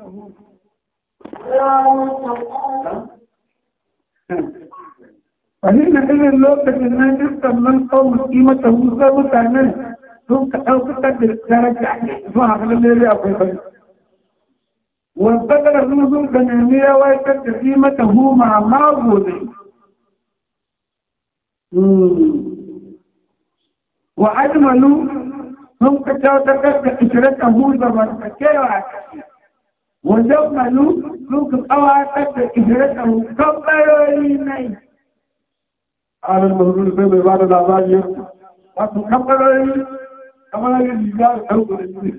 إنه فهنا إذن lokacin nan dukkan man kawun kimata wuka mutanen sun ka ɗaukakar da daraja zuwa halin lere akwai bari. Wanzakar sun ka nemi ya waikar da kimata huma ma gobe. Wa ajmalu sun ka ɗaukakar da ikirata hu zamantakewa a kashi. وزمنوا suka kawatar da ihiratan kabbarori nai alin mazuru sai bai ba da labari wasu kabbarori kamar yin riga da ɗaukar jini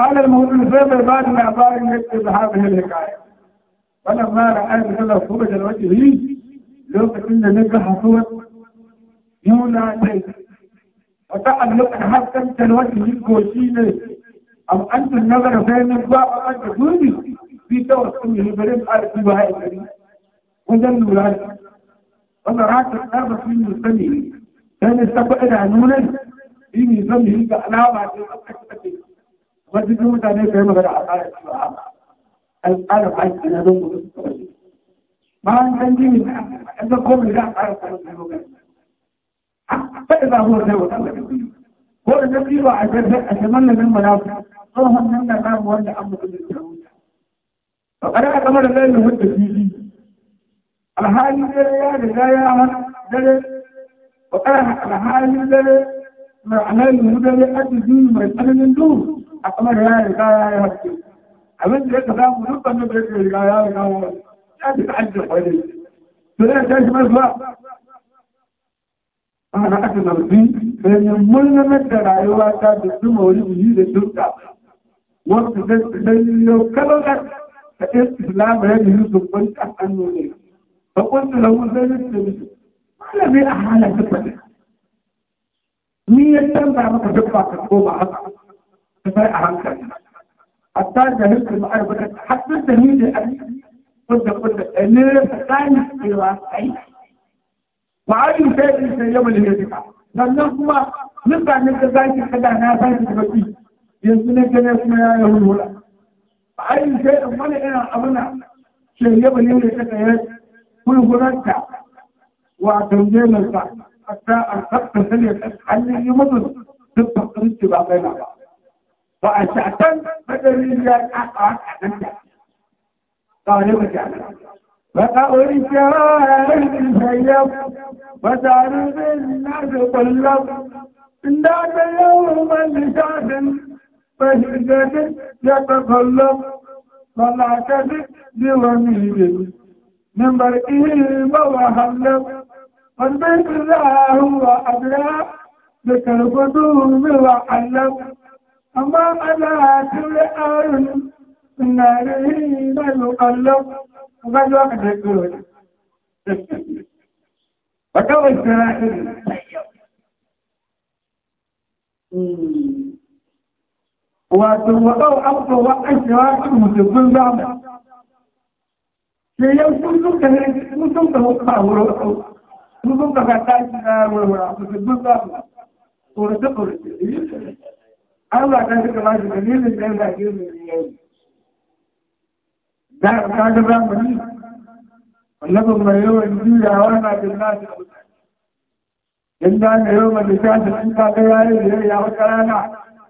alin mazuru sai bai ba da labarin yadda da haɗa halika wannan mara aiki da kuma da wajen yi lokacin da nika hasuwar yuna dai wata allukar haskanta da wajen yi goshi ne أم أنت النظر بين الباء أنت دوني في توسله بلد أرض بهاي الكريم وذنب الأرض وأنا راكب نربط في مستنيه كان يستبق إلى نونا إني ظنه كألامة ما متعني كيما غير عقارة الشعب الألف عيش أنا دون ما أنتني أنت قوم لا أعرف فإذا هو ذو هو النبي وعجل أتمنى من منافق tsohon nan da namu wanda an mutu da ta wuta ba kada a kamar da yin hudda fili alhali dare ya da ya ya dare ba kada alhali dare mai alayin hudare arziki mai tsananin duhu a kamar ya da ya ya hudda abin da ya ka samu dukkan da ya riga ya riga ya ji ta'ajjar kwarai to ya tashi masuwa ana aka zarfi sai ne mulmar da rayuwa ta da su mawuri da turka وكبرت استسلام هذه يوسف فقلت له ذلك ما الذي أحال فكرتك مية سنة مك فكرة تقوم حقا فهي أهم كلمة حتى جهلت المعرفة حتى الدليل الأمين قلت قلت أنا فكان في واقعي وعلي فاتي سيما اللي يدفع لأنه هو نقع من كذلك كذا أنا ينسنك ناس ما يعيهم ولا عين شيء أمان إنا أمنا شيء يبني ولي شكايات كل فرنسا وعتمدين الفعل حتى أرخبت سلية أسحل يمضل تبقى قريبت بعضين على بعض وأشعتن بدليل يا الأحقات أحنا طالبة جعلنا فأريد يا أهل الهيب فتعرض الناس طلب إن دعت يوم فهدد يتطلب ولا كذب بوميل من برئه ووهلب والبيت ذا هو أبلى ذكر قدوم وعلب أما على كل آل من ناره لا يقلب وقد وقت يقول فكم السراحل وتوقعوا أفضل وقت شراك المتقل دعمة في يوم سلطة كهرين مسلطة وقعه ورحو مسلطة فتاية سنار ورحو في الدول دعمة ورتقه رتقه الله كان في كلاش مليل الدين لا كير من اليوم دا كان في رام مليل الله ما يوم يجي يا ورنا جناتي أبو جندان يوم الإشارة سنتا كيالي يا ورنا جناتي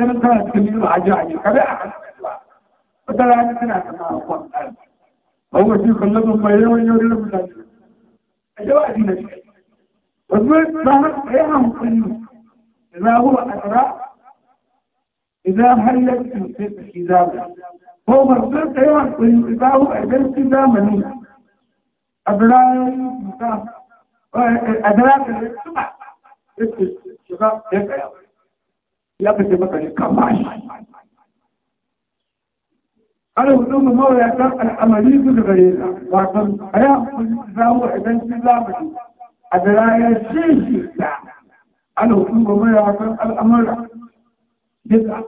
لما كانت كمية عجائب كبيرة فدلا كنا كما أقول هو شيخ لهم ما يروي يوري لهم لا الجواب هنا شيء والبيت ظهر قيام قيم إذا هو أسرع إذا هلت في سيف حزابه هو مرضي قيام قيم إذا هو أجل حزامه أدراك أدراك السمع الشباب يبقى ya fice maka shi kan bashi ana hudu mu mawayatan al'amari su da gare ta wasan a yi hankali zamu idan shi zamani a da rayar shi shi ta ana hudu mu mawayatan al'amara duka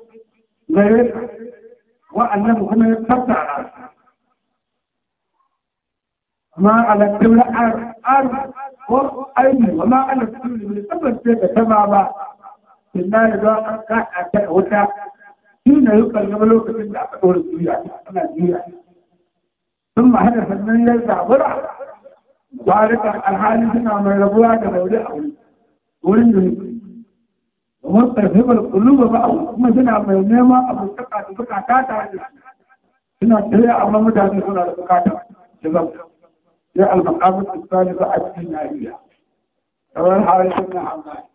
gare ta wa'annan kuma ya tattara ما على الدولة أرض أرض وأين وما على الدولة من سبب تتبع بالنار ذاك كأت وتا حين يقلب له في الأقوال الدنيا أنا الدنيا ثم هدف من يرجع ورع ذلك الحال هنا من ربوع كذا ولد ومستفهم القلوب بقى kuma suna mai nema a bukata da bukata ta hanyar suna tsaye amma mutane suna da bukata da zan ya almakamun tsari za a cikin nariya kamar harin suna hamani